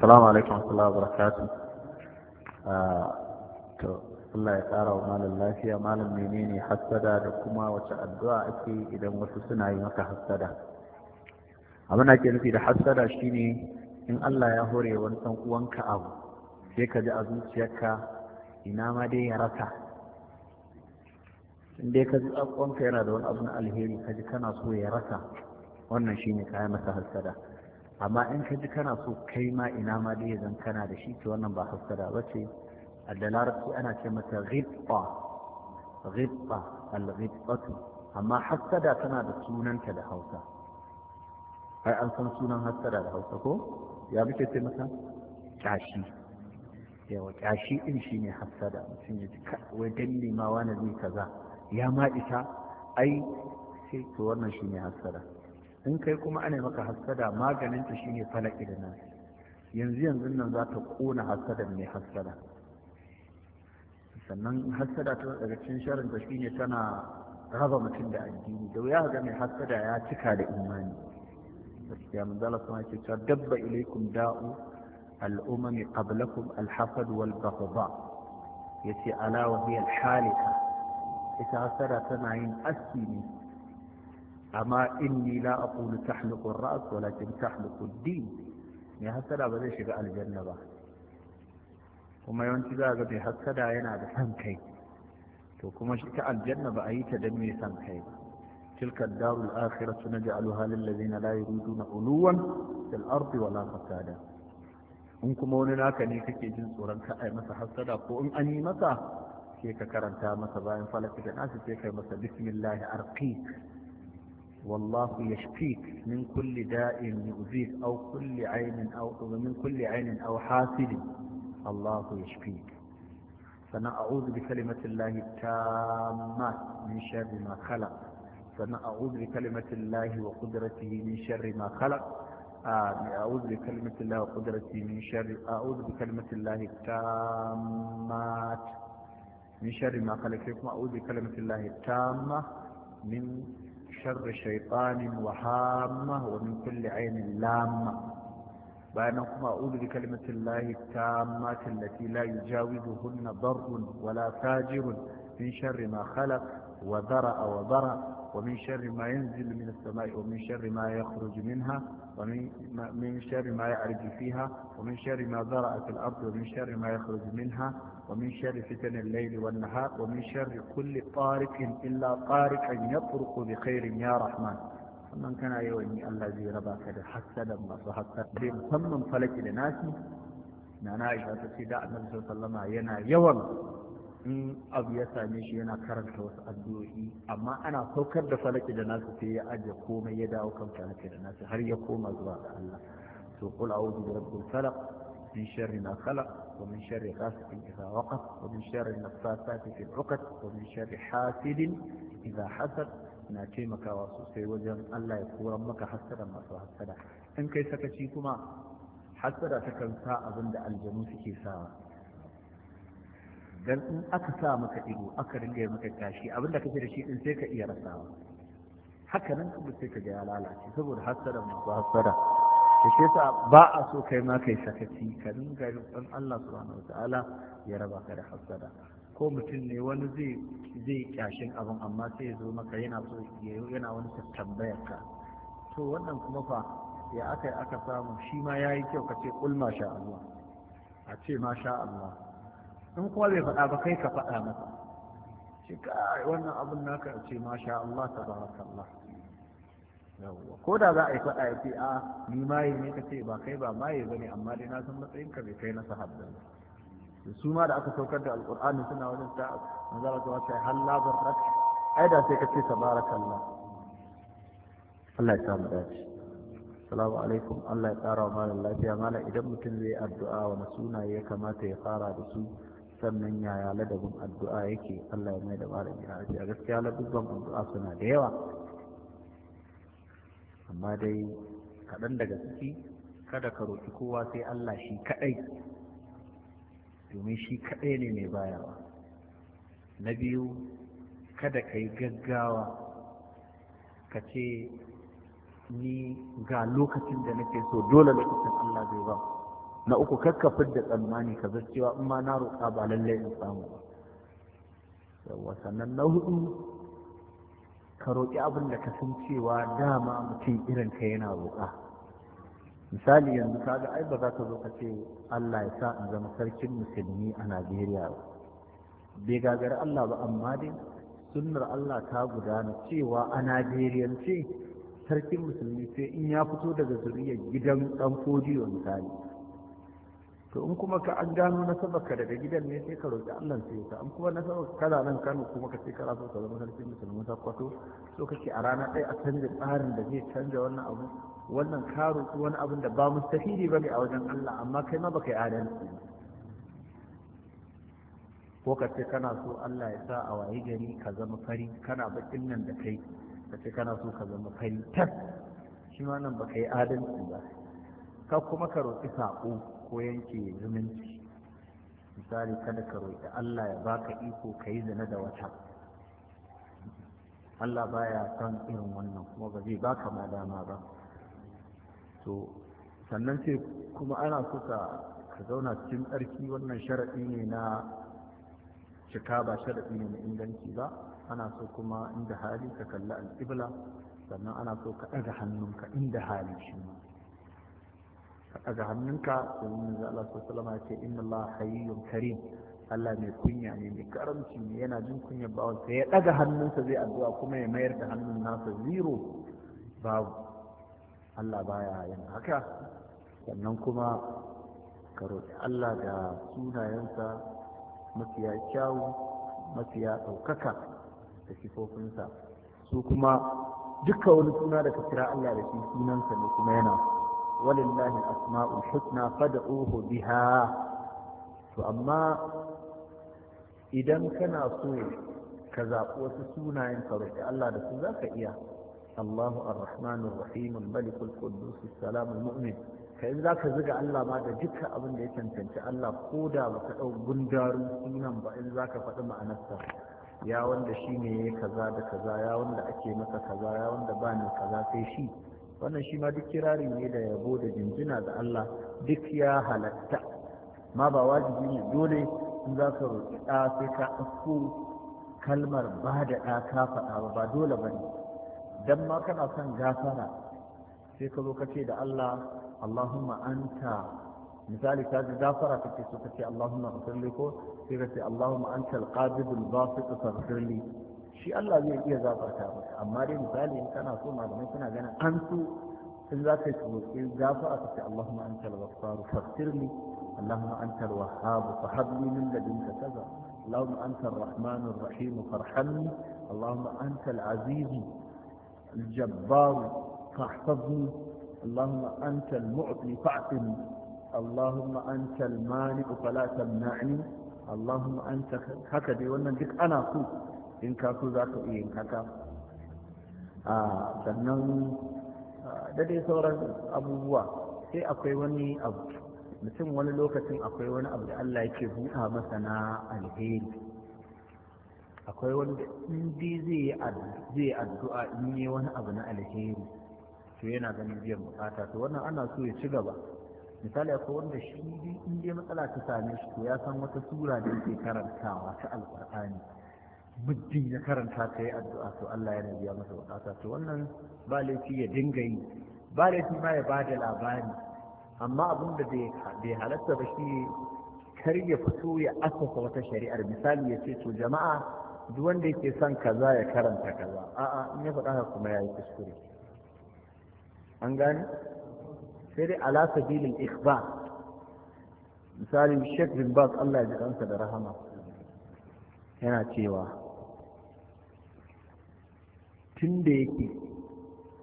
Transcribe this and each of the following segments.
Assalamu alaikum warahmatullahi wabarakatuh. Ah, to Allah ya tsara wa malam lafiya malam menene hassada da kuma wace addu'a ake idan wasu suna yi maka hassada. Abin da ke nufi da hassada shine in Allah ya hore wani ɗan uwanka abu sai ka ji a zuciyarka ina ma dai ya rasa in dai ka ji uwanka yana da wani abu na alheri ka ji kana so ya rasa wannan shine kayan masa hassada. amma in ka ji kana so kai ma ina ma dai zan kana da shi to wannan ba hasada ba ce a da ana ce mata ghibba ghibba al-ghibbatu amma hasada tana da sunanta da hausa ai an san sunan hasada da hausa ko ya muke ce mata kashi yawa kashi din shi ne hasada mutum ya ji wai dalli ma wani zai kaza ya ma ita ai sai to wannan shi ne in kai kuma ana maka hassada maganinta shine falaki da nan yanzu yanzu nan za ta kona hassadan mai hassada sannan hassada ta daga cikin ta shine tana raba mutum da addini da wuya ga mai hassada ya cika da imani gaskiya mun zala sama cewa dabba ilaikum da'u al'umami qablakum al-hasad wal baghdha yace ala wa hiya al-halika ita hassada tana yin asiri amma inni la aqulu tahliqu ar-ra's walakin tahliqu ad-din ne hasada ba zai shiga aljanna ba kuma yawanci za ga mai hasada yana da san kai to kuma shi ta aljanna ba a yi ta dan mai san kai ba tilka ad-darul akhiratu naj'aluha lil ladina la yuriduna uluwan fil ardi wala fasada in kuma wani naka ne kake jin tsoron ka ai masa hasada ko in an yi masa sai ka karanta masa bayan falaki da nasu sai kai masa bismillah arqiq والله يشفيك من كل داء يؤذيك أو كل عين أو من كل عين أو حاسد الله يشفيك فأنا أعوذ بكلمة الله التامات من شر ما خلق فأنا أعوذ بكلمة الله وقدرته من شر ما خلق أعوذ بكلمة الله وقدرته من شر أعوذ بكلمة الله التامات من شر ما خلق أعوذ بكلمة الله التامة من شر شيطان وهامة ومن كل عين لامة بأنكم أقول بكلمة الله التامة التي لا يجاوزهن ضر ولا فاجر من شر ما خلق وذرأ وبرأ ومن شر ما ينزل من السماء ومن شر ما يخرج منها ومن من شر ما يعرج فيها ومن شر ما ذرأت في الأرض ومن شر ما يخرج منها ومن شر فتن الليل والنهار ومن شر كل طارق إلا طارقا يطرق بخير يا رحمن sannan kana yawan yi Allah zai raba ka da hassadan masu hassada dai musamman falaki da nasi na na aisha ta ce da annabi sallama yana yawan in abu ya same shi yana karanta wasu addu'o'i amma ana saukar da falaki da nasi sai ya aje komai ya dawo kan falaki da nasu har ya koma zuwa ga Allah to qul a'udhu bi rabbil falaq min sharri ma khalaq ومن شر غاسق إذا وقف ومن شر النفاسات في العقد ومن شر حاسد إذا حسد ناكيمك واسوسي وجن الله يكون ربك حسدا ما سوى حسدا إن كيسك شيكما حسدا تكن ساء ضند الجنوس كي ساء دل إن أكسا مكئلو أكر اللي مكتاشي أبدا كثير شيء إن سيك إيا رساء حكا ننكب سيك جيالالا سبور حسدا ما سوى حسدا, take sa ba a so kai ma kai sakaci ka dinga roƙon Allah subhanahu ta'ala ya raba ka da hasada ko mutum ne wani zai zai kyashin abin amma sai ya zo maka yana so yana wani tambayar ka to wannan kuma fa ya aka aka samu shi ma ya yi kyau ka ce kul ma sha Allah a ce ma sha Allah in kuma bai faɗa ba kai ka faɗa masa shi ka wannan abin naka a ce ma sha Allah tabarakallah ko da za a yi faɗa ya ce a ni maye ne ka ce ba kai ba maye ba ne amma dai na san matsayinka bai kai na ne su ma da aka saukar da alƙur'ani suna wajen ta manzara ta wata halla barkat ai da sai ka ce tabarakallah Allah ya samu dace assalamu alaikum Allah ya tsara wa malam lafiya malam idan mutum zai addu'a wa sunaye ya kamata ya fara da su sannan yaya ladabin addu'a yake Allah ya mai da malam ya a gaskiya ladabin addu'a suna da yawa amma dai kaɗan daga ciki kada ka roƙi kowa sai Allah shi kaɗai domin shi kaɗai ne mai bayawa na biyu kada ka yi gaggawa ka ce ni ga lokacin da nake so dole lokacin Allah zai ba na uku kakka fidda tsammani ka cewa in ma na roƙa ba lallai in samu ba yawa sannan na hudu ka roƙi abin da ka san cewa dama mutum irin ka yana roƙa misali yanzu ga ai ba za ka zo ka ce Allah ya sa in zama sarkin musulmi a Najeriya ba bai gagari Allah ba amma dai sunnar Allah ta gudana cewa a ce, sarkin musulmi sai in ya fito daga zuriyar gidan ɗan fodiyo misali to in kuma ka an gano ka daga gidan ne sai ka roƙi Allah sai sa, in kuma nasabar kana nan Kano kuma ka ce kana so ka zama sarkin musulmi ta kwato so kake a rana ɗaya a canza tsarin da zai canza wannan abu wannan ka roƙi wani abu da ba mustahili bane a wajen Allah amma kai ma baka yi adalci ko ka ce kana so Allah ya sa a wayi gari ka zama fari kana bakin nan da kai ka ce kana so ka zama fari tas shi ma nan baka yi adalci ba ka kuma ka roƙi saƙo ko yanke zumunci misali kada ka roƙi Allah ya baka iko ka yi zina da wata Allah baya son irin wannan kuma ba zai baka ma dama ba to sannan sai kuma ana so ka ka zauna cikin tsarki wannan sharaɗi ne na cika ba sharaɗi ne na inganci ba ana so kuma inda hali ka kalli al'ibla sannan ana so ka ɗaga hannunka inda hali shi ma ka daga hannunka domin manzo Allah sallallahu alaihi ya ce inna Allah hayyun karim Allah mai kunya ne mai karamci ne yana jin kunyar bawan sa ya daga hannunsa zai addu'a kuma ya mayar da hannun nasa zero babu Allah baya yin haka sannan kuma ka roƙi Allah da sunayensa mafiya kyawu mafiya ɗaukaka da sifofinsa su kuma dukkan wani suna da ka kira Allah da shi sunansa ne kuma yana walillahi al-asma'ul da fad'uhu biha to amma idan kana so ka zaɓi wasu sunayen ka roƙi Allah da su za ka iya Allahu ar-Rahman ar-Rahim al-Malik al-Quddus as-Salam al-Mu'min kai za ka ziga Allah ma da dukkan abinda ya cancanci Allah ko da ba ka ɗau gundarun sunan ba in za ka faɗi ma'anarsa ya wanda shi ne ya kaza da kaza ya wanda ake masa kaza ya wanda ba kaza sai shi wannan shi ma duk kirari ne da yabo da jinjina da Allah duk ya halatta ma ba wajibi ne dole in za ka roƙi ɗa sai ka ɗauko kalmar ba da ɗa ka faɗa ba ba dole ba ne dan ma kana son gafara sai ka zo ka ce da Allah Allahumma anta misali ka ji gafara ka ce, so ka ce Allahumma ghfirli ko sai ka ce Allahumma anta al-qabid al-basit faghfirli shi Allah zai iya gafarta maka amma dai misali in kana so malamai suna ganin an su sun za ka roƙi gafara ka ce Allahumma antal ghaffar faghfirli Allahumma antal wahhab fahabli min ladunka kaza Allahumma antal rahmanur rahim farhamni Allahumma antal aziz الجبار فاحفظني اللهم أنت المعطي فاعطني اللهم أنت المانع tamna'ni تمنعني اللهم haka dai wannan duk ana فوق in ka so za ka iya yin haka sannan da sauran abubuwa sai akwai wani abu mutum wani lokacin akwai wani abu da Allah yake buɗa masa na alheri akwai wani da indi zai yi addu'a in yi wani abu na alheri to yana ganin biyan bukata to wannan ana so ya ci gaba misali akwai wanda shi indi matsala ta same shi to ya san wata sura da yake karantawa ta alƙur'ani muddin ya karanta ta yi addu'a to Allah ya biya masa bukata to wannan ba laifi ya dinga yi ba laifi ma ya bada labari amma abin da bai halatta ba shi kar ya fito ya asasa wata shari'ar misali ya ce to jama'a duk wanda yake son kaza ya karanta kaza a'a in ya faɗa kuma ya yi kuskure an gane sai dai ala sabilin ikhbar misali Sheikh bin Allah ya ji kansa da rahama yana cewa tun da yake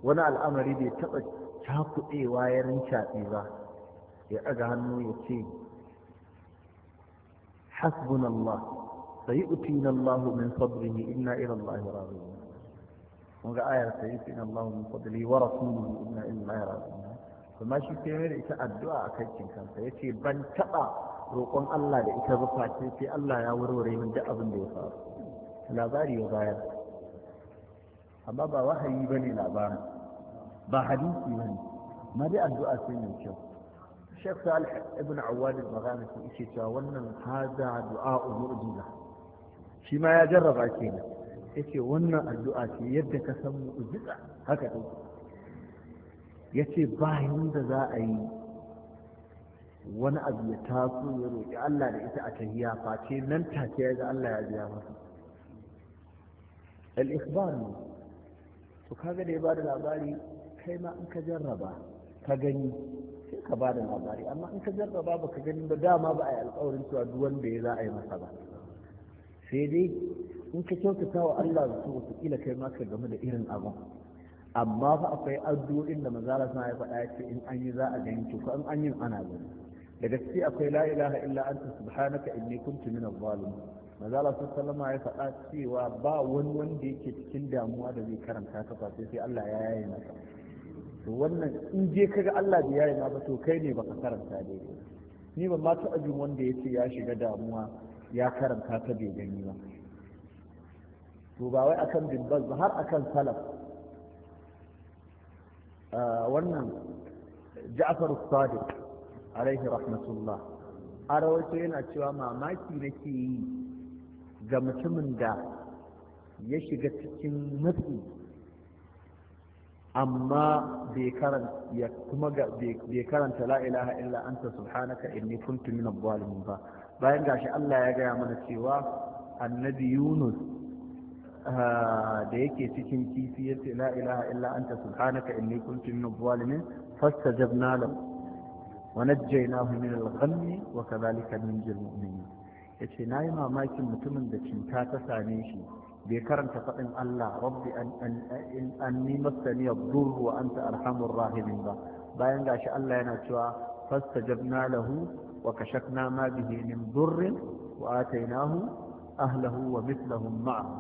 wani al'amari bai taɓa cakuɗewa ya rincaɗe ba ya ɗaga hannu ya ce hasbunallah sai utina Allah min fadlihi inna ila Allah raji'un mun ga ayar sai utina Allah min fadlihi wa rasuluhu inna ila Allah raji'un kuma shi sai mai da ita addu'a a kan kansa yace ban taba roƙon Allah da ita rufa ce sai Allah ya warware min duk abin da ya faru labari ya bayar amma ba wahayi ba ne labarin ba hadisi ba ne ma dai addu'a sun mai kyau shek salih ibn awad al-maghani ko yake cewa wannan hada du'a mu'jiza shi ma ya jarraba kenan yace wannan addu'a ce yadda ka san mu'jiza haka take yace ba da za a yi wani abu ya taso ya roƙi Allah da ita a tahiyya face nan take ya ga Allah ya biya masa al-ikhbar to kaga da ya ba da labari kai ma in ka jarraba ka gani sai ka ba da labari amma in ka jarraba ba ka gani ba dama ba a yi alkawarin cewa duk wanda ya za a yi masa ba sai dai in ka kyautata wa Allah su wataƙila kai ma ka game da irin abin amma fa akwai addu'o'in da manzala suna ya faɗa ya in an yi za a gani ko in an yi ana gani da gaske akwai la ilaha illa anta subhanaka inni kuntu minadh-dhalimin mazala su salama ya faɗa cewa ba wani wanda yake cikin damuwa da zai karanta ka sai sai Allah ya yaye maka to wannan in je kaga Allah bai yaye maka to kai ne baka karanta daidai ni ban ma taɓa jin wanda ya ya shiga damuwa ya karanta ka bai gani ba to ba wai akan dimbaz ba har akan salaf ah, wannan ja'far sadiq alaihi rahmatullah a rawaito yana cewa mamaki nake yi ga mutumin da ya shiga cikin matsi amma bai karanta la ilaha illa anta subhanaka inni kuntu min zalimin ba bayan gashi Allah ya gaya mana cewa annabi Yunus ah, da yake cikin kifi ya ce la ilaha illa anta subhanaka inni kuntu min zalimin fastajabna lahu ونجيناه من الغم وكذلك ننجي المؤمنين ya ce na yi mamakin mutumin da cinta ta same shi bai karanta faɗin Allah rabbi an ni masani wa anta arhamur rahimin ba bayan gashi Allah yana cewa fastajabna lahu wa kashafna ma bihi min durrin wa atainahu ahlahu wa mithlahum ma'ahu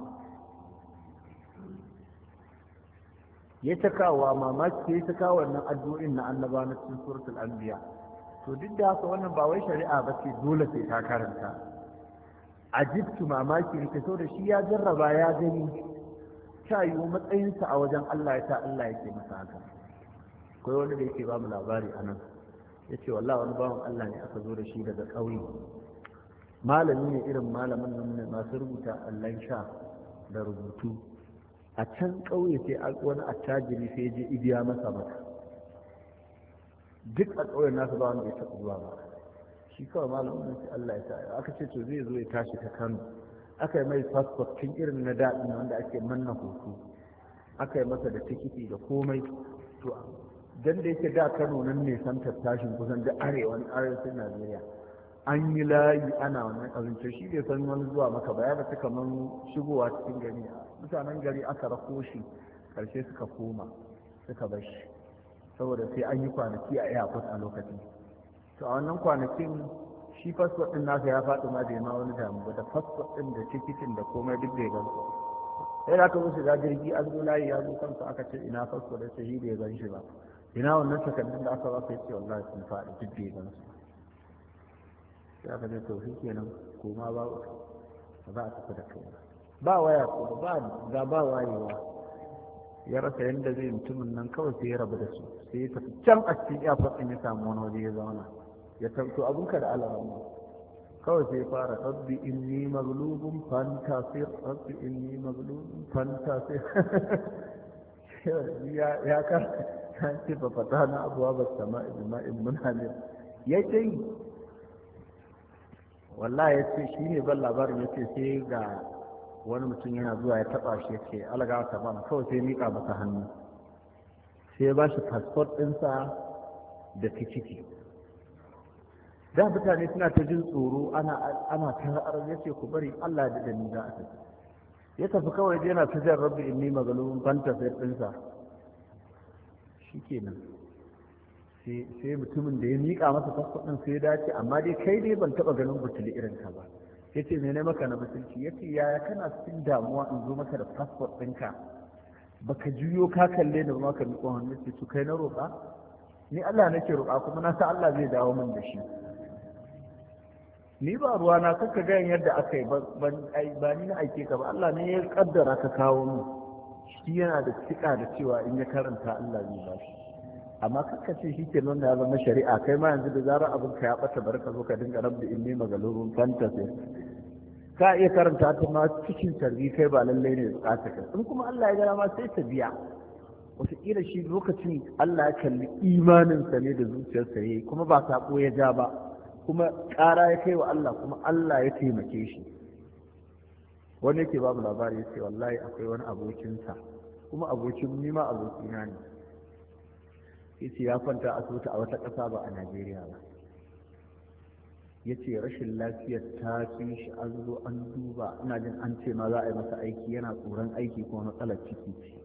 ya ta kawo mamaki ya ta kawo wannan addu'o'in na annaba na cikin suratul anbiya to duk da haka wannan ba wai shari'a ba ce dole sai ta karanta ajibtu mamaki ne so da shi ya jarraba ya gani ta yiwu matsayinsa a wajen Allah ya ta Allah yake masa haka akwai wani da yake ba mu labari a nan ya ce wallah wani bawan Allah ne aka zo da shi daga ƙauye malami ne irin malamin nan masu rubuta allon sha da rubutu a can ƙauye sai wani attajiri sai je ibiya masa maka duk a ƙauyen nasu ba wanda ya taɓa zuwa ba shi kawai malamin sai Allah ya aka ce to zai zo ya tashi ta Kano aka yi mai passport cin irin na daɗin wanda ake manna hoto aka yi masa da tikiti da komai to dan da yake da Kano nan ne san tattashin kusan da arewan arewacin Najeriya an yi layi ana wannan abincin shi bai san wani zuwa maka ba ya suka kamar shigowa cikin gari mutanen gari aka rako shi karshe suka koma suka bar saboda sai an yi kwanaki a airport a lokacin to a wannan kwanakin shi fasfot ɗin nasa ya faɗi ma bai ma wani damu ba da fasfot ɗin da tikitin da komai duk bai gan su sai da aka musu da jirgi an zo layi ya zo kansu aka ce ina fasfot da shi bai gan shi ba ina wannan takardun da aka ba ka ce wallahi sun faɗi duk bai gan su sai aka ce to shi kenan koma ba za a tafi da kai ba waya ko ba ga ba wayewa ya rasa yadda zai mutumin nan kawai sai ya rabu da su sai ya tafi can a cikin airport ɗin ya samu wani waje ya zauna ya tamto ka da alamu kawai sai fara rabbi inni maglubun fantasir rabbi inni maglubun fantasir ya kar ka ce ba fata na abuwa ba sama ijma'in muna ne ya ce wallahi ya ce shi ne ban labarin ya ce sai ga wani mutum yana zuwa ya taba shi ya ce alaga ta bana kawai sai mika masa hannu sai ya ba shi fasfot ɗinsa da tikiti da mutane suna ta jin tsoro ana ana tarar ce ku bari Allah da dani za a tafi ya tafi kawai yana ta jan rabbi inni magalubun banta sai shi shikenan sai sai mutumin da ya mika masa din sai ya dace amma dai kai dai ban taba ganin butuli irin ka ba yace me ne maka na butulci yace yaya kana cikin damuwa in zo maka da fasfad ɗinka baka juyo ka kalle ni ba ka miƙo hannu ce kai na roƙa ni Allah nake roƙa kuma na sa Allah zai dawo min da shi ni ba ruwa na kaka gayan yadda aka yi ba ni na aike ka ba Allah ne ya kaddara ka kawo mu shi yana da tsika da cewa in ya karanta Allah zai ba shi amma kuka ce shi ke nuna zama shari'a kai ma yanzu da zarar abin ka ya bata bar ka zo ka dinga rabda in ne magalurun fantasy ka iya karanta ta ma cikin tarbi kai ba lallai ne bukata ka in kuma Allah ya gaya ma sai ta biya wataƙila shi lokacin Allah ya kalli imaninsa ne da zuciyarsa ya kuma ba saƙo ya ja ba kuma ƙara ya kai wa Allah kuma Allah ya taimake shi wani yake babu labari yace wallahi akwai wani abokinsa kuma abokin nima ma abokina ne yace ya kwanta asibiti a wata ƙasa ba a Najeriya ba yace rashin lafiyar ta fi shi an zo an duba ina jin an ce ma za a yi masa aiki yana tsoron aiki ko matsalar ciki ce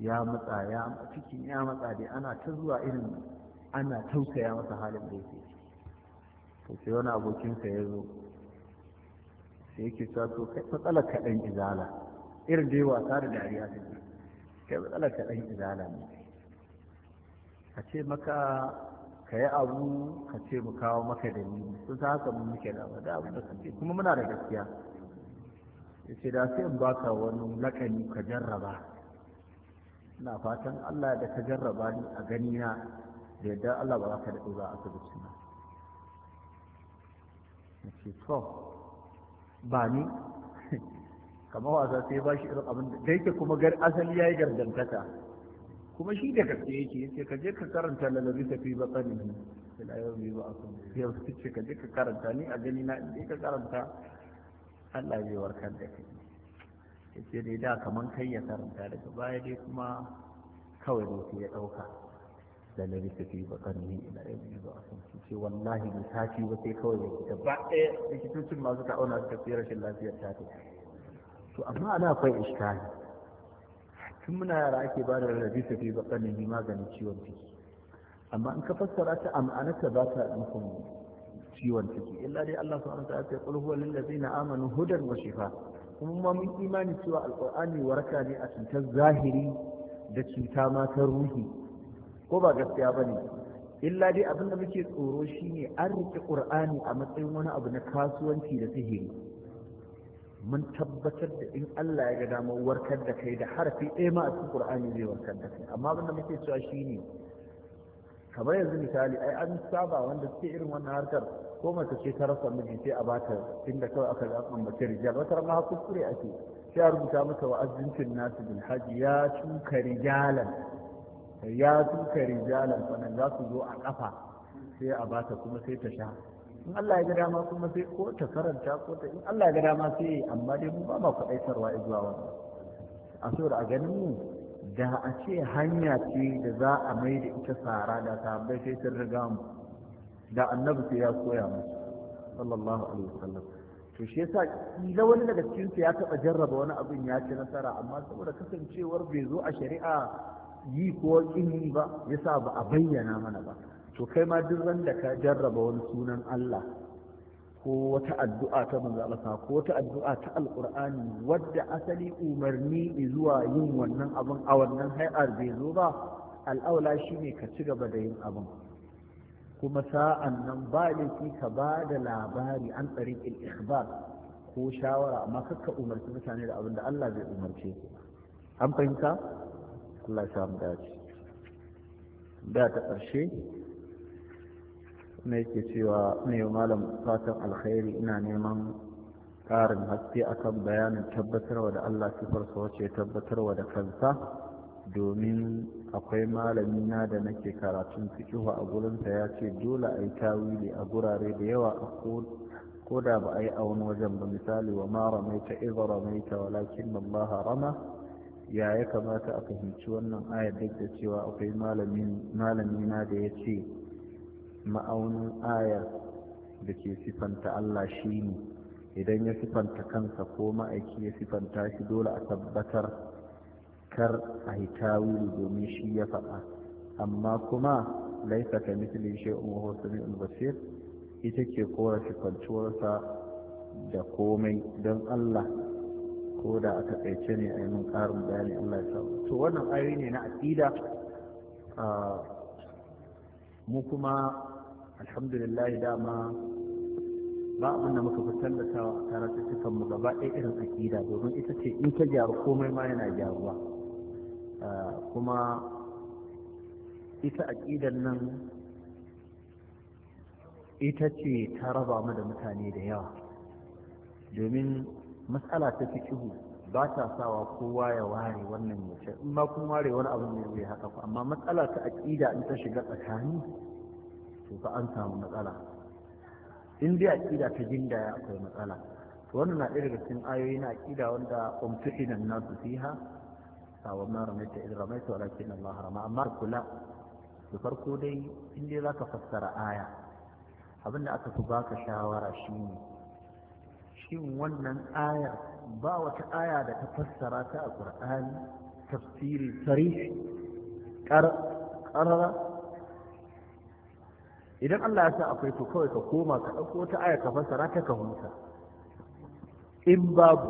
ya matsa ya cikin ya matsa dai ana ta zuwa irin ana tausaya masa halin da yake to sai wani abokinsa ya zo sai yake cewa to kai ka ɗan izala irin dai wasa da dariya ta ce kai ka ɗan izala ne a ce maka ka yi abu ka ce mu kawo maka dalili sun sa haka mun muke da da abin da kace kuma muna da gaskiya ya ce da sai in baka wani lakani ka jarraba ina fatan Allah da ka jarraba ni a gani na yadda Allah ba za ka daɗe ba a asibiti na ce to ba ni kamar wasa sai ba shi irin abin da yake kuma gar asali ya yi gardantaka kuma shi da gaske yake yace ka je ka karanta lalabi ta fi batsani sai la yau ba yau su ce ka je ka karanta ni a gani na inda ka karanta Allah zai warkar da kai yace dai da kaman kai ya karanta daga baya dai kuma kawai ne ya ɗauka. da na bisa fi ina ila ilmi ba sun su ce wallahi ne ta sati ba sai kawai da kita ba ɗaya likitocin masu ka auna suka fi rashin lafiyar ta ta to amma ana akwai iskali tun muna yara ake ba da rarrabi ta fi ni maganin ciwon ciki amma in ka fassara ta am'anarta ba ta nufin ciwon ciki illa dai Allah subhanahu wa ta'ala ya qul huwa lil ladzina amanu hudan wa shifa kuma ma mun imani cewa alqur'ani waraka ne a cutar zahiri da cuta ma ta ruhi ko ba gaskiya ba ne illa dai abin da muke tsoro shine an riƙe ƙur'ani a matsayin wani abu na kasuwanci da sihiri mun tabbatar da in Allah ya ga damar warkar da kai da harfi ɗaya ma a cikin ƙur'ani zai warkar da kai amma abin da muke cewa shine kamar yanzu misali ai an saba wanda suke irin wannan harkar ko mace ce ta rasa miji sai a bata inda kawai aka zaɓa mace rijal wata ma kuskure ake sai a rubuta mata wa'azincin nasu bil hajji ya cuka rijalan ya tuka rijalan sanan za su zo a kafa sai a bata kuma sai ta sha in Allah ya ga dama kuma sai ko ta karanta ko ta in Allah ya ga dama sai amma dai mu ba ma faɗaitarwa zuwa wannan a so da a ganin mu da a ce hanya ce da za a mai da ita tsara da ta bai sai sun riga mu da annabi sai ya koya mu sallallahu alaihi wasallam to shi yasa kila wani daga cikin ya taba jarraba wani abin ya ci nasara amma saboda kasancewar bai zo a shari'a yi ko ƙin yi ba sa ba a bayyana mana ba to kai ma duk da ka jarraba wani sunan Allah ko wata addu'a ta manzo Allah ko wata addu'a ta alqur'ani wadda asali umarni zuwa yin wannan abin a wannan hay'ar bai zo ba al'aula shine ka ci gaba da yin abin kuma sa'an nan ba laifi ka ba da labari an tsarin ikhbar ko shawara amma kakka umarci mutane da abin da Allah bai umarce ku an fahimta Allah ya mu dace da ta ƙarshe na yake cewa ne malam fatan alkhairi ina neman ƙarin haske akan bayanin tabbatarwa da Allah sifarsa wacce tabbatarwa da kansa domin akwai malami na da nake karatun fikihu a gurinsa ya ce dole a yi tawili a gurare da yawa ko da ba a yi a wani wajen ba misali wa ma ramaita idh ramaita walakin ba rama ya ya kamata a fahimci wannan ayar duk da cewa akwai malami na da ya ce ma'aunin ayar da ke sifanta Allah shi ne idan ya sifanta kansa ko ma'aiki ya sifanta shi dole a tabbatar kar a yi hitawilu domin shi ya faɗa amma kuma laisa ka misli shay'un wa huwa samiul basir ita ke kora sifantuwarsa da komai don Allah ko da a takaice ne a yi mun ƙarin bayani Allah ya samu to wannan ayoyi ne na aƙida mu kuma alhamdulillah dama ba abin da muka da tawa a cikin mu gaba ɗaya irin aƙida domin ita ce in ta gyaru komai ma yana gyaruwa kuma ita aƙidan nan ita ce ta raba mu da mutane da yawa domin matsala ta shigo ba ta sawa kowa ya ware wannan ya ce in ma kun ware wani abu ne zai haka ku amma matsala ta aƙida in ta shiga tsakani to fa an samu matsala in dai aƙida ta gindaya akwai matsala to wannan na ɗaya daga cikin ayoyi na aƙida wanda na su fiha sawa ma ramaita idan ramaita walakin Allah rama amma kula da farko dai in dai za ka fassara aya abinda aka fi baka shawara shine shin wannan aya ba wata aya da ta fassara ta a ƙur'ani tafsiri sarih ƙarara idan Allah ya sa akwai to kawai ka koma ka ɗauko wata aya ka fassara ta ka hunta in babu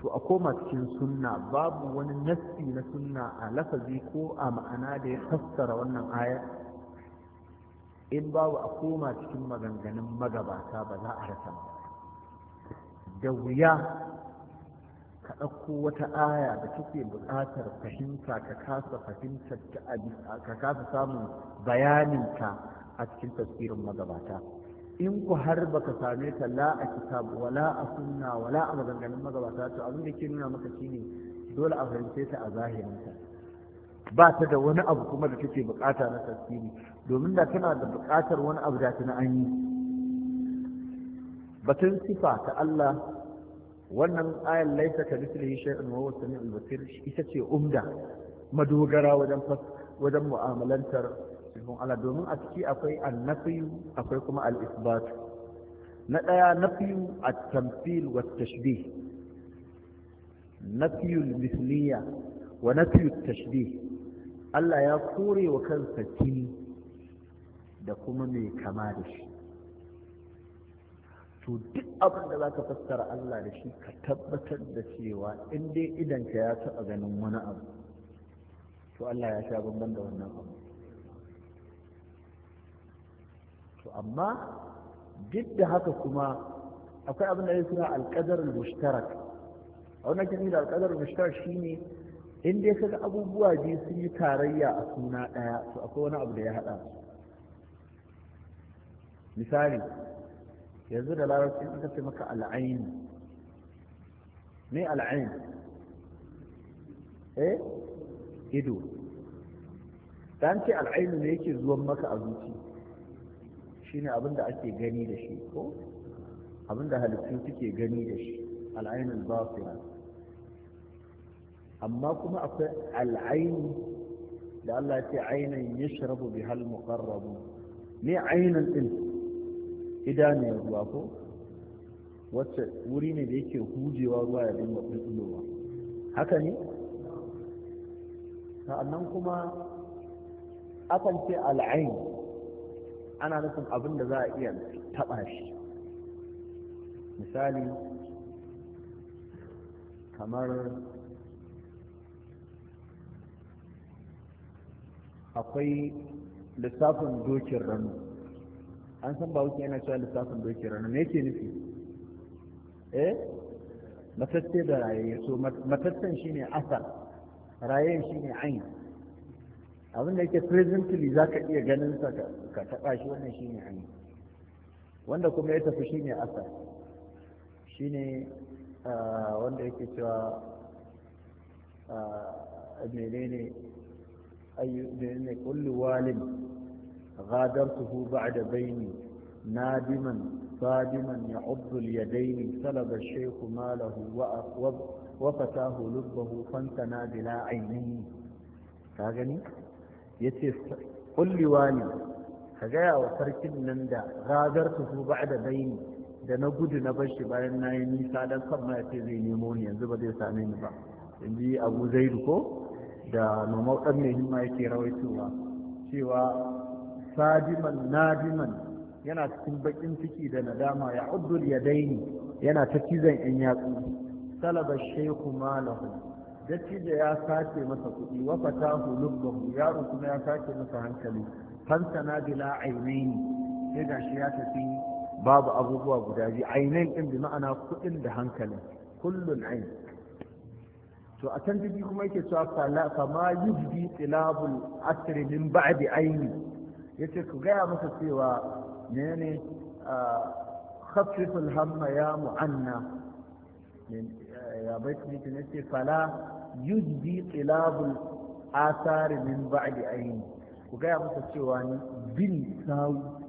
to a koma cikin sunna babu wani nassi na sunna a lafazi ko a ma'ana da ya fassara wannan aya. in babu a koma cikin maganganun magabata ba za a rasa ba da wuya ka ɗauko wata aya da take buƙatar fahimta ka kasa fahimtar ta ka kasa samun bayaninta a cikin tas'irin magabata in ku har baka same ta la a kitab wala a sunna wala a maganganun magabata to abin da ke nuna maka shine dole a fahimce ta a zahirinta ba ta da wani abu kuma da take buƙata na tafsiri domin da tana da buƙatar wani abu da tana an yi batun sifa ta Allah wannan ayan laisa ka mislihi shay'un wa huwa samiul basir ita ce umda madogara wajen wajen mu'amalantar sifin Allah domin a ciki akwai annafiyu akwai kuma al-isbat na daya nafiyu at-tamthil wa at-tashbih nafiyu al-misliya wa nafiyu at-tashbih Allah ya kore wa kansa kini da kuma mai kama da shi to duk abin da za ka fassara Allah da shi ka tabbatar da cewa in dai idanka ya taɓa ganin wani abu to Allah ya sha bambam da wannan abu to amma duk da haka kuma akwai abin da ya suna alƙadar mushtarak a wannan kiri da alƙadar mushtarak shine in dai kaga abubuwa biyu sun yi tarayya a suna ɗaya to akwai wani abu da ya haɗa misali yanzu da larabci aka fi maka al'aini ne al'aini eh ido dan ce al'aini ne yake zuwan maka a zuci shine abin da ake gani da shi ko abin da halittu suke gani da shi al'ainul basira amma kuma akwai al'aini da Allah ya ce ainan yashrabu bihal muqarrabu ne ainan ɗin? idaniyar ruwa ko wacce wuri ne da yake hujewa ruwa ya dinga bulbulowa haka ne sa'annan kuma akan ce al'ain ana nufin abin da za a iya taɓa shi misali kamar akwai lissafin dokin rano. an san ba wuce yana cewa lissafin doki rana me yake nufi eh matatte da raye so mataccen shine asar rayen shine ain abin da yake presently za ka iya ganin sa ka taɓa shi wannan shine ain wanda kuma ya tafi shine asar shine ah, wanda yake cewa ah, menene menene kullu walin غادرته بعد بيني نادما صادما يعض اليدين سلب الشيخ ماله وفتاه لبه فانتنى بلا عينين كاغني يتي قل لي والي كجايا وتركن النندا غادرته بعد بيني da na gudu na bar shi bayan na yi nisa don kan ma yace zai nemo ni yanzu ba zai same ni ba in ji abu zaidu ko da mamau ɗan mai himma yake rawaitowa cewa sadiman nadiman yana cikin bakin ciki da nadama ya ya daini yana ta cizon yan yatsu salaba shehu malahu dattijo ya sace masa kuɗi wa fatahu lubbahu yaro kuma ya sace masa hankali hansana bila ainaini sai shi ya tafi babu abubuwa guda biyu Ainihin ɗin bi ma'ana kuɗin da hankalin kullun ain to a can jiki kuma yake cewa fama yujdi tilabul asri min ba'di aini ya ce ku gaya masa cewa ne ne hamma ya mu'anna ya bai tuniki ne ce fala yujbi tilabul asari min ba'di ayin ku gaya masa cewa ni bin sawu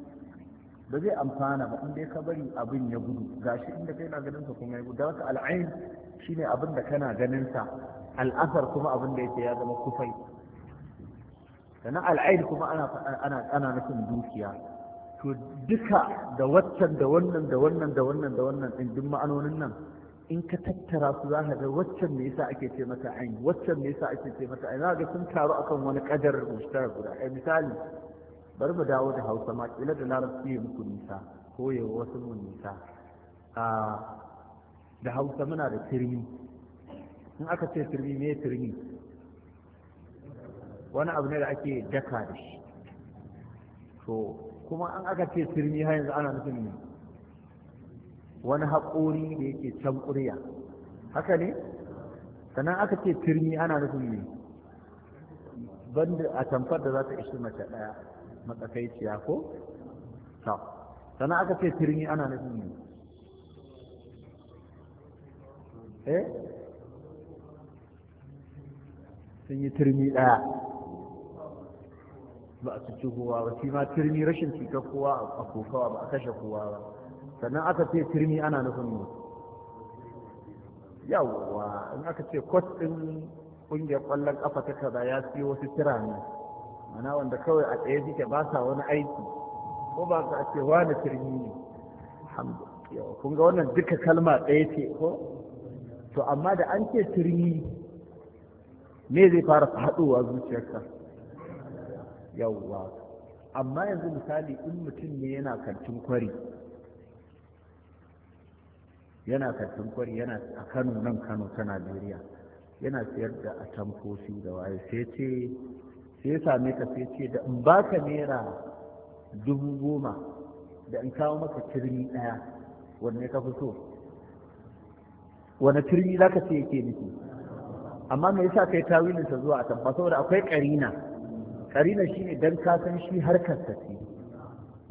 ba zai amfana ba inda ka bari abin ya gudu gashi inda kai na ganin sa kuma ya gudu haka al'ain shine abin da kana ganin sa al'asar kuma abin da yake ya zama kufai sannan al'aid kuma ana ana ana nufin dukiya to duka da waccan da wannan da wannan da wannan da wannan din duk ma'anonin nan in ka tattara su za ka ga waccan ne yasa ake ce mata ain waccan ne yasa ake ce mata ain za ga sun taru akan wani kadar mushtar guda ai misali bar mu dawo da Hausa ma kila da Larabci ya muku nisa ko ya wasu mu nisa a da Hausa muna da turmi in aka ce turmi me turmi wani abu ne da ake daka da shi to kuma an aka ce turmi har yanzu ana nufin ne wani haƙori da yake can ƙuriya haka ne sannan aka ce turmi ana nufin ne banda a tamfar da za ta ishi mace ɗaya matsakaiciya ko ta sannan aka ce turmi ana nufin ne eh sun yi turmi ɗaya ba a cuci kowa ba shi ma turmi rashin cutar kowa a kokawa ba a kashe kowa ba sannan aka ce turmi ana nufin mu yawwa in aka ce kwas ɗin ƙungiyar ƙwallon ƙafa ta kaza ya siyo wasu tirani mana wanda kawai a tsaye jike ba sa wani aiki ko ba ka ce wani turmi ne kun ga wannan duka kalma ɗaya ce ko to amma da an ce turmi me zai fara faɗowa zuciyarka yawwa amma yanzu misali in mutum ne yana kantin kwari yana kantin kwari yana a kano nan kano ta najeriya yana siyar da atamfofi da waye sai ce sai same ka sai ce da in baka naira dubu goma da in kawo maka turmi ɗaya wanne ka fi so wani turmi za ka ce yake nufi amma me yasa kai tawilinsa zuwa a atamfa saboda akwai ƙarina karina shi ne don kasan shi harkar ta ce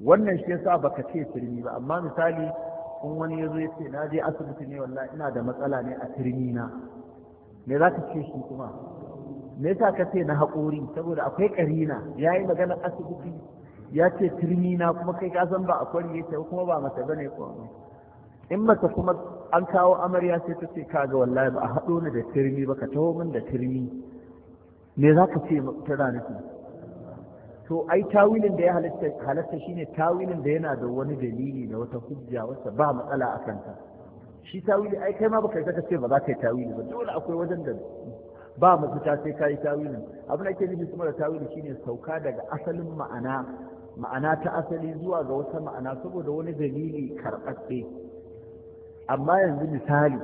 wannan shi yasa baka ce turmi ba amma misali in wani ya zo ya ce na je asibiti ne wallahi ina da matsala ne a turmi na me za ka ce shi kuma me yasa ka ce na haƙori saboda akwai karina ya yi magana asibiti ya ce turmi na kuma kai ka san ba a kwari ya kuma ba mace bane ko in mace kuma an kawo amarya sai ta ce kaga wallahi ba a haɗo ni da turmi ba ka taho min da turmi me za ka ce ta nufi to ai tawilin da ya halatta shine tawilin da yana da wani dalili da wata hujja wata ba matsala a kanta shi tawili ai kai ma baka yi ka ce ba za ka yi tawili ba dole akwai wajen da ba mafita sai ka yi tawilin abin da ake nufi kuma da tawili shine sauka daga asalin ma'ana ma'ana ta asali zuwa ga wata ma'ana saboda wani dalili karɓaɓɓe amma yanzu misali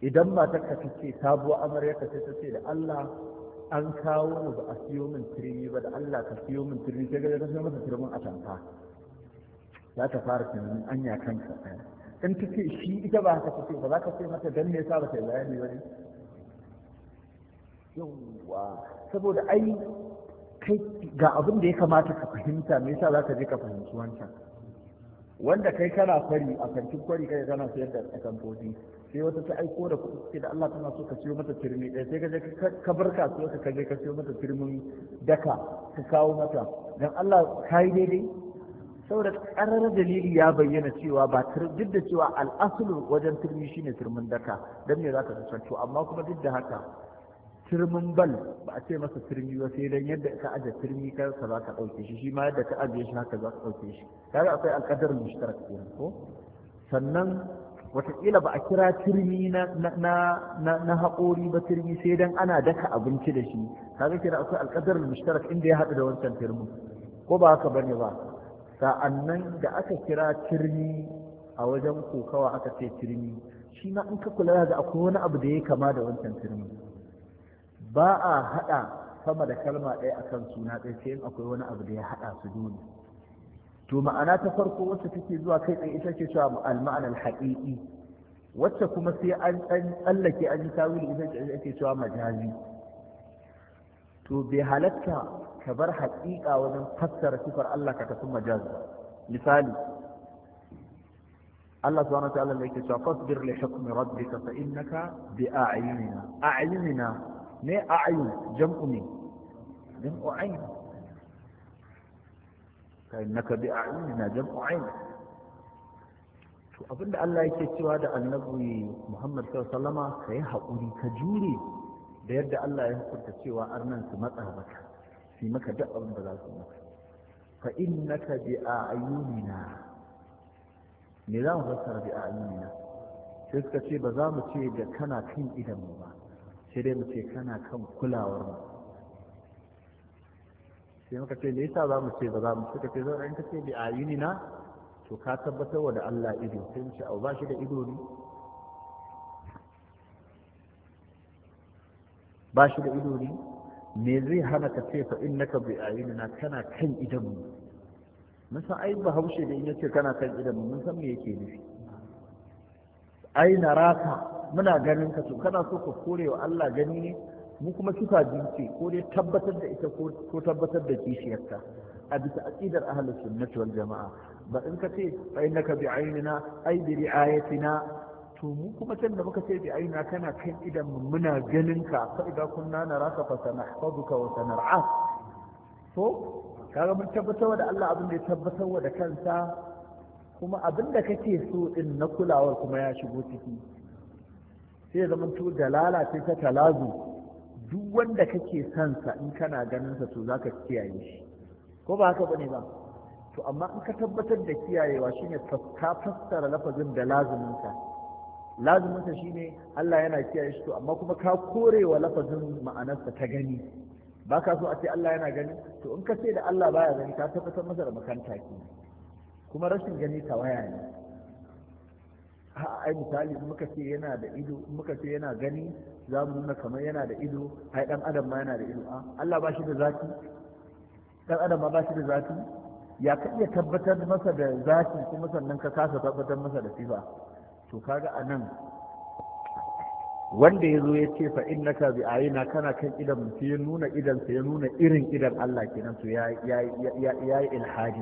idan matar ka ce sabuwar amarya ka ce ta ce da Allah an kawo mu ba a siyo min turmi ba da Allah ka siyo min turmi sai ga ta siyo masa turmin a tamfa za ta fara tunanin anya kanka in ta ce shi ita ba haka take ba za ka ce mata dan me yasa ba ta bayani ba ne yawwa saboda ai kai ga abin da ya kamata ka fahimta me yasa za ka je ka fahimci wancan wanda kai kana fari a kantin kwari kai kana sayar da kamfoti sai wata ta aiko da kuɗi sai da Allah tana so ka siyo mata firmi ɗaya sai ka je ka bar kasuwa ka je ka siyo mata firmin daka ka kawo mata dan Allah ka yi daidai saboda ƙarar dalili ya bayyana cewa ba duk da cewa al'asulu wajen firmi shine firmin daka dan me zaka to amma kuma duk da haka firmin bal ba a ce masa firmi ba sai dan yadda ka aje firmi ka ka za ka ɗauke shi shi ma yadda ka aje shi haka za ka ɗauke shi kaga akwai alƙadar mushtarak ko sannan watakila ba a kira turmi na haƙori ba turmi sai dan ana daka abinci da shi kaga kira akwai alƙadar mushtarak inda ya haɗu da wancan turmi ko ba haka bane ba sa'annan da aka kira turmi a wajen kokawa aka ce turmi shi ma in ka kula da akwai wani abu da ya kama da wancan turmi ba a haɗa sama da kalma ɗaya akan suna ɗaya sai in akwai wani abu da ya haɗa su dole to ma'ana ta farko wacce take zuwa kai tsaye ita ce cewa al-ma'ana al wacce kuma sai an tsallake an yi tawili ita ce ake cewa majazi to bai halatta ka bar haƙiƙa wajen fassara sifar Allah ka tafi majazi misali Allah subhanahu wataala ne yake cewa fasbir li hukmi rabbika fa innaka bi a'yunina a'yunina ne a'yun jam'u ne jam'u ayn ka naka bi a'yunina jam'u ayn to abinda Allah yake cewa da annabi Muhammad sallallahu ka yi haƙuri ka jure da yadda Allah ya hukunta cewa arnan su matsa maka su maka duk abin da za su maka fa innaka bi a ayyunina. me za mu fassara bi a ayyunina? sai suka ce ba za mu ce da kana kan idan mu ba sai dai mu ce kana kan kulawar mu sai muka ce me yasa za mu ce ba za mu suka ce zan ka ce bi ayuni na to ka tabbatar wa da Allah ido sai mu ce au ba shi da ido ne ba shi da ido ne me zai hana ka ce fa ka bi a ayuni na kana kan idan mu mun san ai bahaushe da in yace kana kan idan mu mun san me yake nufi ai raka, muna ganin ka to kana so ka kore wa Allah gani ne mu kuma suka biyu ko dai tabbatar da ita ko tabbatar da kishiyarta a bisa aqidar ahli sunnati wal jama'a ba in ka ce fa innaka bi aynina ay bi ri'ayatina to mu kuma can da muka ce bi aynina kana kan idan muna ganin ka fa idza kunna naraka fa sanahfaduka wa sanar'a to kaga mun tabbatar da Allah abin da ya tabbatar da kansa kuma abin da kake so din na kulawar kuma ya shigo ciki sai zaman to dalala sai ta talazu duk wanda kake san sa in kana ganin sa to zaka kiyaye shi ko ba haka bane ba to amma in ka tabbatar da kiyayewa shine ka fassara lafazin da lazumin sa lazumin sa shine Allah yana kiyaye shi to amma kuma ka korewa lafazin ma'anarsa ta gani ba ka so a ce Allah yana gani to in ka ce da Allah baya gani ka tabbatar masa da makanta ke kuma rashin gani ta waya ne ai misali muka ce yana da ido muka ce yana gani za mu nuna kamar yana da ido ai dan adam ma yana da ido ah, Allah ba shi da zaki? dan adam ma ba shi da zaki? ya ka iya tabbatar masa da zaki kuma sannan ka kasa tabbatar masa da sifa to kaga anan wanda ya zo ya ce fa innaka bi ayina kana kan idan mu ya nuna idan sa ya nuna irin idan Allah kenan to ya ya ya ya ilhadi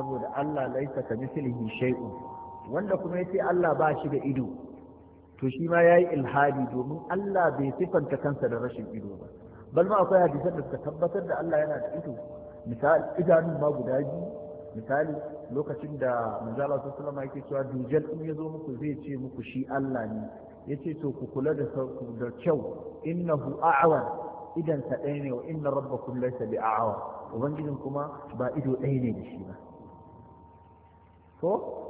saboda Allah laisa mislihi shay'un wanda kuma ya ce Allah ba shi da ido to shi ma ya yi ilhadi domin Allah bai sifanta kansa da rashin ido ba bal ma akwai hadisan da suka tabbatar da Allah yana da ido misali idanun ma guda biyu misali lokacin da manzala su sulama yake cewa dujal in ya zo muku zai ce muku shi Allah ne ya ce to ku kula da da kyau innahu a'wan idan ta ɗaya ne wa inna rabbakum laysa bi a'wan ubangijin kuma ba ido ɗaya ne da shi ba ko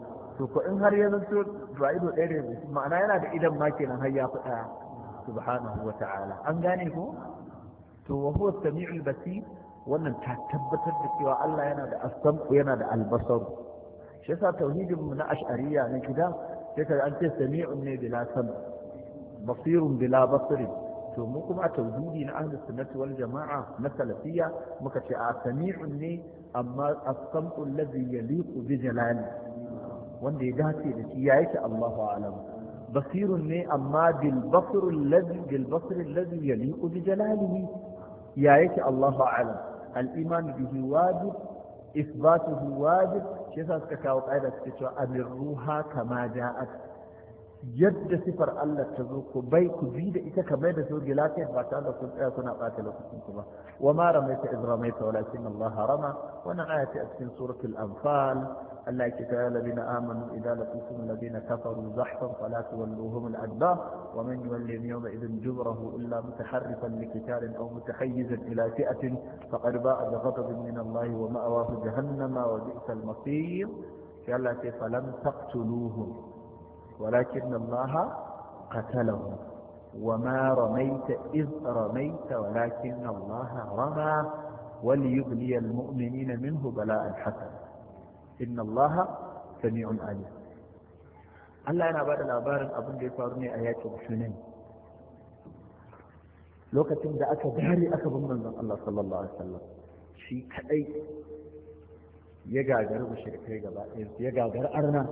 to ko in har ya zanto ba ido ɗaya ne ma'ana yana da idan ma kenan har ya faɗa subhanahu wa ta'ala an gane ko to wa huwa sami'ul basir wannan ta tabbatar da cewa Allah yana da as yana da albasar basar shi yasa tauhidin mu na ash'ariyya ne kida sai ka an ce sami'un ne bila sam basirun bila basir to mu kuma tauhidi na ahlus sunnati wal jama'a na salafiyya muka ce a sami'un ne amma as-sam'u alladhi yaliqu bi jalali wanda ya dace da shi ya yake Allahu a'lam basirun ne amma bil basr alladhi bil basr alladhi yaliqu bi jalalihi ya yake Allahu a'lam al iman bihi wajib isbatuhu wajib shi yasa suka kawo kaida suka cewa amir ruha kama ja'at yadda sifar Allah ta zo ku bai ku bi da ita ka kamar da soke lafiya ba ta da kun tsaya kuna ɓata lokacin ku ba wa ma ramaita mai ramaita walakin Allah harama wannan aya ce a cikin suratul anfal Allah yake ta ladina amanu idza laqitum ladina kafaru zahfan fala tuwalluhum al-adbar wa man yuwallihim yawma idin jubrahu illa mutaharrifan liqitalin aw mutahayyizan ila fi'atin faqad ba'a bi ghadabin min Allah wa ma'awahu jahannama wa bi'sal masir yalla ta ce falam taqtuluhum walakin Allah qatalahu wama ramaita iz ramaita walakin Allah rama وليبلي المؤمنين منه بلاء حسنا إن الله سميع عليم Allah yana ba da labarin abin da ya faru ne a yakin sunan. lokacin da aka dare aka bin manzon Allah sallallahu alaihi wasallam shi kadai ya gagara mushrikai gaba ya gagara arna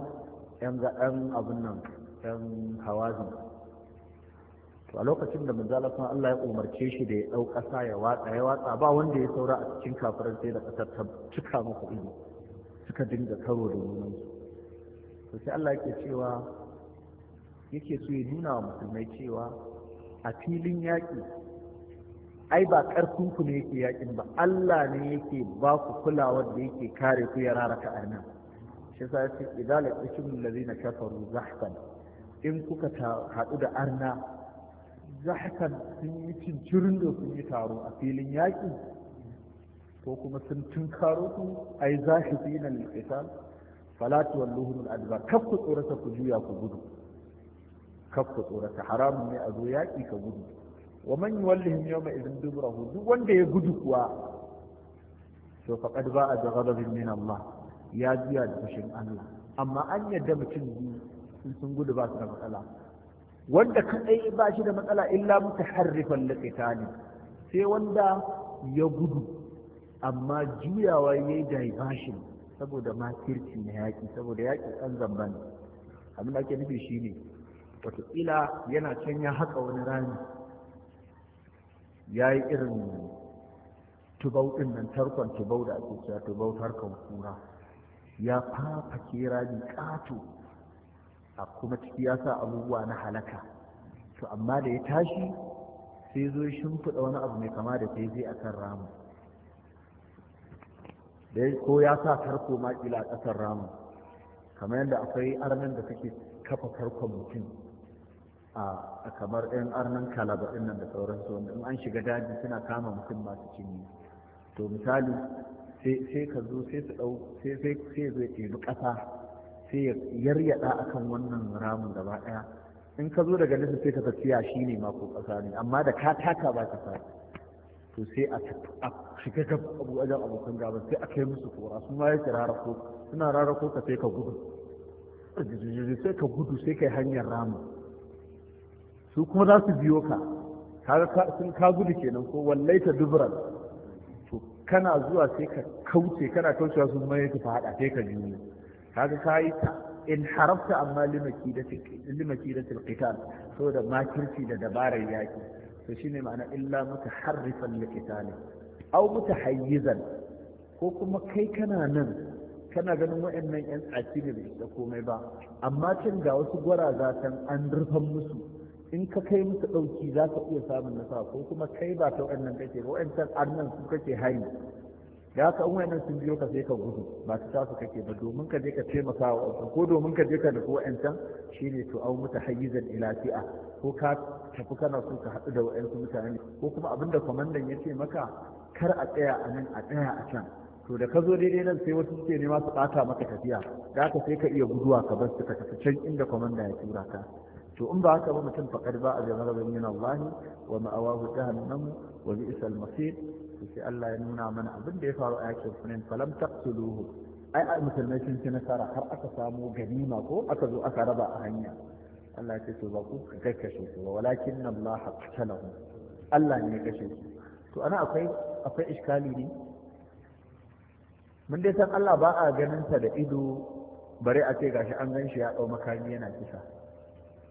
yan gaɗan abin nan yan hawazin to a lokacin da manzala sun Allah ya umarce shi da ya ɗau ƙasa ya watsa ya watsa ba wanda ya saura a cikin kafirar sai da ƙasar ta cika muku ido suka dinga karo da nunan to sai Allah yake cewa yake so ya nuna wa musulmai cewa a filin yaƙi ai ba ƙarfin ku ne yake yaƙin ba Allah ne yake ba ku kulawar da yake kare ku ya raraka a nan shi sa yace idza laqitum allazina kafaru zahfan in kuka haɗu da arna zahfan sun yi cincirin da sun yi taro a filin yaƙi ko kuma sun tunkaro su ai zahifina lil qital fala tuwalluhum al adbar kaf ku tsorata ku juya ku gudu kaf ku tsorata haramun ne a zo yaƙi ka gudu wa man yuwallihim yawma idhin dubrahu duk wanda ya gudu kuwa to faqad ba'a bi ghadabin min Allah ya juya da fushin Allah amma an yadda mutum biyu sun sun gudu ba su da matsala wanda kadai ba shi da matsala illa muka mutaharrifan ne, sai wanda ya gudu amma juyawa ya yayi diversion saboda makirci na yaƙi, saboda yaƙi kan zamban abin da ake nufi shi ne. Wataƙila yana can ya haƙa wani rami ya yi irin tubau ɗin nan tarkon tubau da ake cewa tubau tarkon kura ya fafa kera ƙato a kuma ciki ya sa abubuwa na halaka to amma da ya tashi sai zo ya shimfiɗa wani abu mai kama da sai zai a kan ramu ko ya sa tarko makila a ƙasar ramu kamar yadda akwai arnan da suke kafa tarkon mutum a kamar 'yan arnan kalaba ɗin nan da sauransu wanda in an shiga daji suna kama mutum masu cinye to misali sai ka zo sai su ɗau sai sai sai zai ɗebi ƙasa sai ya yaryaɗa akan wannan ramin gaba ɗaya in ka zo daga nesa sai ka ya shi ne mako ƙasa ne amma da ka taka ba ka sa to sai a shiga ga wajen abokan gaba sai a kai musu kora su ma yake rarako suna rarako ka sai ka gudu sai ka gudu sai kai hanyar ramin su kuma za su biyo ka kaga sun ka gudu kenan ko ta dubran kana zuwa sai ka kauce kana kaucewa sun mai ka fada sai ka juyo kaga kai in harafta amma limaki da limaki da tilqital saboda makirci da dabarar yaki to shine ma'ana illa mutaharrifan liqitali aw mutahayyizan ko kuma kai kana nan kana ganin waɗannan 'yan tsaci ne bai da komai ba amma can ga wasu gwaraza can an rufan musu in ka kai musu ɗauki za ka iya samun nasara ko kuma kai ba ta waɗannan kake ba waɗancan annan su kake hari ya ka in waɗannan sun biyo ka sai ka gudu ba ta tasu kake ba domin ka je ka taimaka wa wasu ko domin ka je ka nufi shi ne to au muta hayyizan ila ko ka tafi kana so ka haɗu da wayansu mutane ko kuma abinda kwamandan ya ce maka kar a tsaya a nan a tsaya a can to da ka zo daidai nan sai wasu suke nema su ɓata maka tafiya da ka sai ka iya guduwa ka bar su ka tafi can inda kwamandan ya tura ka to in ba haka ba mutum faƙar ba a jamar min Allah wa ma'awahu jahannamu wa bi'sal masir sai Allah ya nuna mana abin da ya faru a yakin Hunain falam taqtuluhu ai ai musulmai sun ci nasara har aka samu ganima ko aka zo aka raba a hanya Allah ya ce to ba ku kake su ba walakin Allah qatalahu Allah ne ya kashe su to ana akwai akwai iskali ne mun dai san Allah ba a ganin sa da ido bare a ce gashi an gan shi ya dau makami yana kisa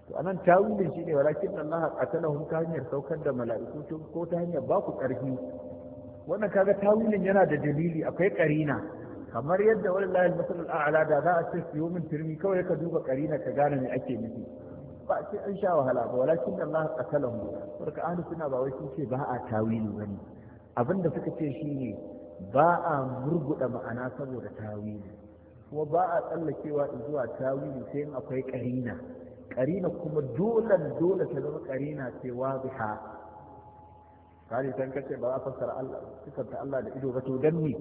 to anan tawilin shine walakin Allah qatalahum ta hanyar saukar da mala'iku ko ta hanyar ba ku karfi wannan kaga tawilin yana da dalili akwai karina kamar yadda wallahi al-masal ala da za a ce siyo min turmi kawai ka duba karina ka gane me ake nufi ba ce an sha wahala ba walakin Allah qatalahum barka ahli suna ba wai ce ba a tawili bane abinda suka ce shine ba a murguda ma'ana saboda tawili kuma ba a tsallakewa zuwa tawili sai in akwai karina Ƙarina kuma dolan dole ta zama ƙarina ce waziha kare san kace ba a fassara Allah ta Allah da ido ba to dan ni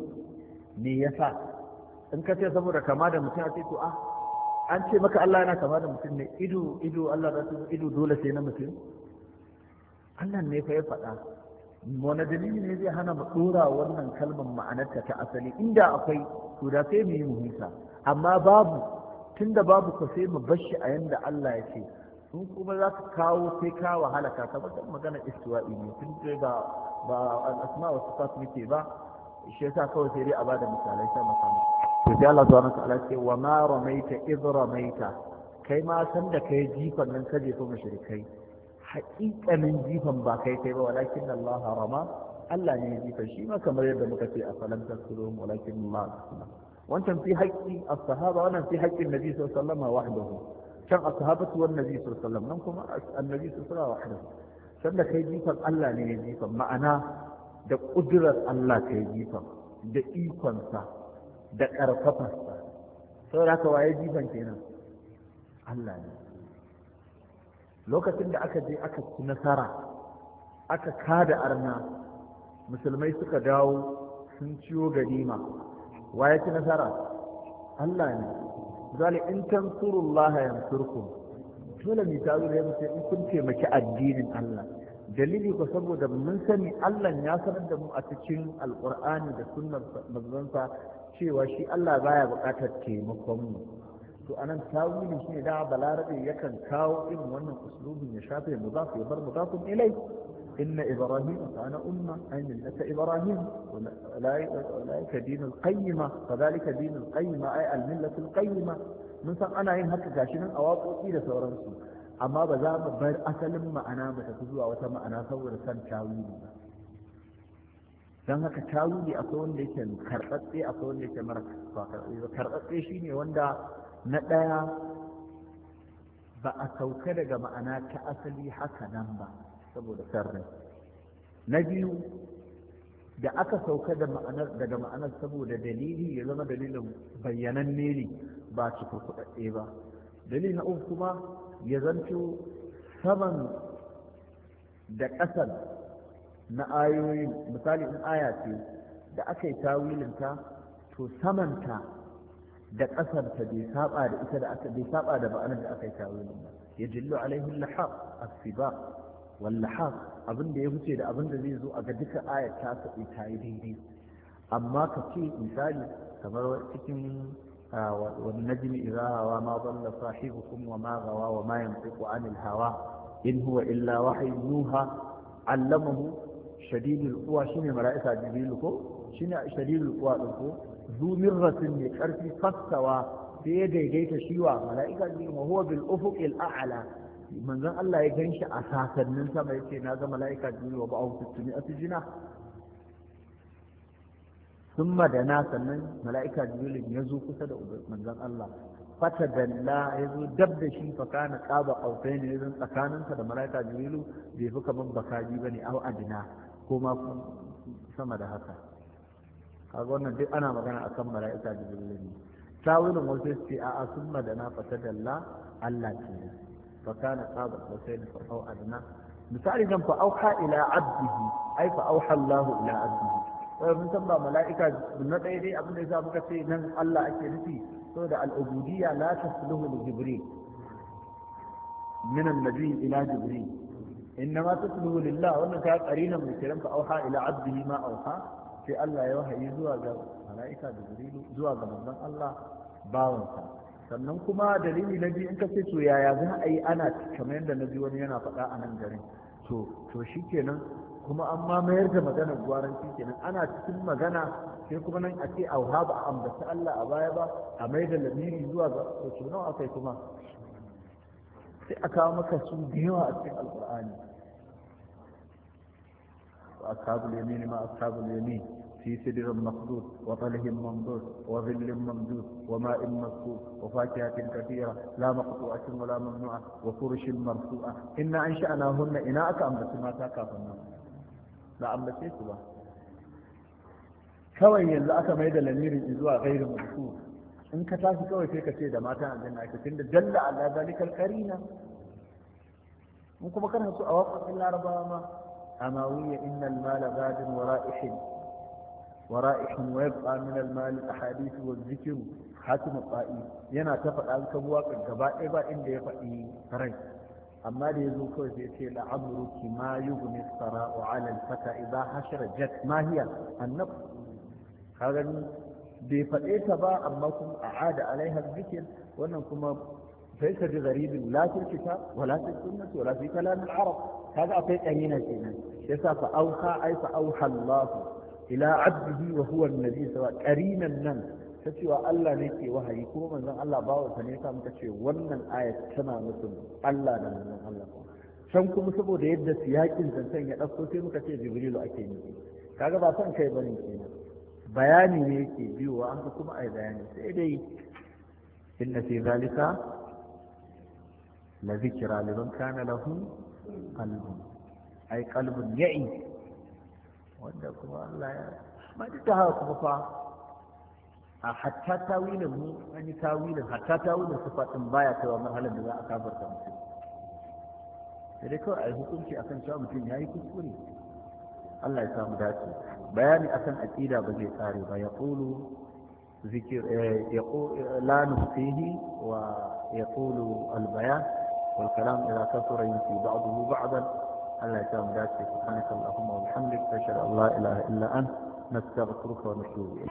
me yasa in kace saboda kama da mutum a ce to ah an ce maka Allah yana kama da mutum ne ido ido Allah da ido dole sai na mutum Allah ne fa ya faɗa wani dalili ne zai hana mu dora wannan kalmar ma'anarta ta asali inda akwai to da sai mu yi muhimsa amma babu tunda babu ku sai mu bashi a yanda Allah ya ce sun kuma za ka kawo sai ka wahala ka ka magana istiwa'i ne tun da ba ba asma wa sifat ke ba shi yasa kawai sai dai a bada misalai sai musamman to sai Allah subhanahu wa ta'ala ce wa ma ramaita id ramaita kai ma san da kai jifan nan kaje ko mushrikai haƙiƙanin jifan ba kai kai ba walakin Allah rama Allah ne ya jifa shi ma kamar yadda muka ce a falantar sulum walakin Allah wancan fi haƙƙi a sahaba wannan fi haƙƙin nabi sallallahu alaihi wasallam wahdahu a sahabatu wan nabi sallallahu alaihi wasallam nan kuma annabi sallallahu alaihi wasallam wahdahu sanda kai jifan Allah ne ya jifan ma'ana da kudurar Allah kai jifan da ikonsa da ƙarfafarsa saboda haka waye jifan kenan Allah ne lokacin da aka je aka ci nasara aka kada arna musulmai suka dawo sun ciwo ganima wa ya ci nasara Allah ne zali in tansurullah yansurkum dole mu ta zuwa mu in kun taimaki addinin Allah dalili ko saboda mun sani Allah ya sanar da mu a cikin alqur'ani da sunnar manzonsa cewa shi Allah baya buƙatar taimakon mu to anan tawili shine da balarabe yakan kawo irin wannan uslubin ya shafe mudaf ya bar mudafun ilai إن إبراهيم كان أمة أي ملة إبراهيم أولئك دين القيمة فذلك دين القيمة أي الملة القيمة من ثم أنا هين إيه هكا كاشين الأواب إلى ثورة رسول أما بزام بر أسلم ما أنا متفزوع وتم أنا ثورة سن كاويني dan haka tawili a tsawon da yake karɓaɓɓe a tsawon da yake mara karɓaɓɓe shi أنا wanda na ɗaya ba a sauka daga ma'ana ta asali haka nan ba saboda sarrai na biyu da aka sauka daga ma'anar saboda dalili ya zama dalilin bayyananne ne ba cikin kuɗaɗe ba Dalilin na uku kuma ya zanto saman da ƙasar na ayoyi misali in aya ce da aka yi tawilinta to samanta da ƙasarta bai saba da ita da aka bai saba da ma'anar da aka yi tawilin ba jillu alaihi lahab as-sibaq wallaha abin da ya huce da abin da zai zo a ga duka ayar ta saɓi ta yi daidai amma ka ce misali kamar cikin wani najmi izahawa ma balla sahibukum wa ma gawa wa ma yantiqu anil hawa in huwa illa wahyi yuha allamahu shadidul quwa shine mala'ika jibril ko shine shadidul quwa din ko zumirratin ne karfi fassawa sai ya daidaita shiwa mala'ika jibril wa huwa bil ufuqil a'la manzon Allah ya ganshi a sasannin sama ce na ga mala'ika jibril wa ba'u tuttuni asjina Sun madana sannan mala'ika jibril ya zo kusa da manzon Allah fata dalla ya zo dab da shi fa kana qaba qawtain ya zan tsakaninsa da mala'ika jibril bai fi kaman bakaji bane au adina ko ma sama da haka kaga wannan duk ana magana akan mala'ika jibril ne tawilin wasu ce a'a sun madana fata dalla Allah yi fa kana qaba wa sayyid fa au adna misali nan fa auha ila abdihi ai fa auha Allah ila abdihi wai mun san ba mala'ika na ɗaya abin da yasa muka ce nan Allah ake nufi saboda al-ubudiyya la tasluhu li jibril min an ila jibril إنما تسلو لله وأنك قرينا من الكلام فأوحى إلى عبده ما أوحى في الله يوحي زواج ملائكة جبريل زواج من الله باونسا sannan kuma dalili na biyu in ka ce to yaya za a yi ana kamar yadda na ji wani yana faɗa a nan garin to to shikenan kuma an ma mayar da maganar gwaranci kenan ana cikin magana sai kuma nan a ce a ba a ambaci Allah a baya ba a mai da lamiri zuwa ga to nawa akwai kuma sai a kawo maka su da yawa a cikin alkur'ani ashabul yamin ma ashabul yamin في سدر مخدود وطله ممدود وظل ممدود وماء مسكوب وفاكهة كثيرة لا مقطوعة ولا ممنوعة وفرش مرفوعة إن أنشأناهن إناء كامله ما تاكا فنا لا أمبس يسوا إيه كوي لا أكميد للمير إزوا غير مرفوض إن كتاسي كوي في سيدة ما تاني لنا إكتين جل على ذلك القرينة ممكن بكرها أوقف إلا ربما أماوية إن المال بعد ورائح ورائح ويبقى من المال أحاديث والذكر حاتم الطائي ينا تفق عن كبواك الجبائب إن يفقي فري أما لي يزوكو يتي لعمرك ما يغني الثراء على الفتى إذا حشر جت ما هي النفس هذا بفقيت با أما كم أعاد عليها الذكر وأنا كما ليس بغريب لا في الكتاب ولا في السنة ولا في كلام العرب هذا أعطيت أمينة يسا فأوحى أي فأوحى الله ila abdihi wa huwa annabi sawa qarinan nan ta cewa Allah ne ke wahayi kuma manzon Allah bawa sa ne sa muka ce wannan aya tana mutum Allah da manzon Allah san kuma saboda yadda siyakin zancen ya dauko sai muka ce jibrilu ake nufi kaga ba son kai bane kenan bayani ne yake biyowa an kuma ai bayani sai dai inna fi zalika la zikra liman kana lahu qalbun ai qalbun ya'i wanda kuma Allah ya ma duk da haka kuma fa a hatta tawilin mu an yi tawilin hatta tawilin sifatin baya kaiwa marhalar da za a kafarta mutum sai dai kawai a yi hukunci akan cewa mutum ya yi kuskure Allah ya samu dace bayani akan aqida ba zai tsare ba ya qulu zikir eh, ya la nusihi wa yaqulu al bayan wal kalam idza kasura yunsi ba'dahu ba'dan Allah ya mu dace subhanakallahumma wa bihamdika ashhadu an ilaha illa anta nastaghfiruka wa natubu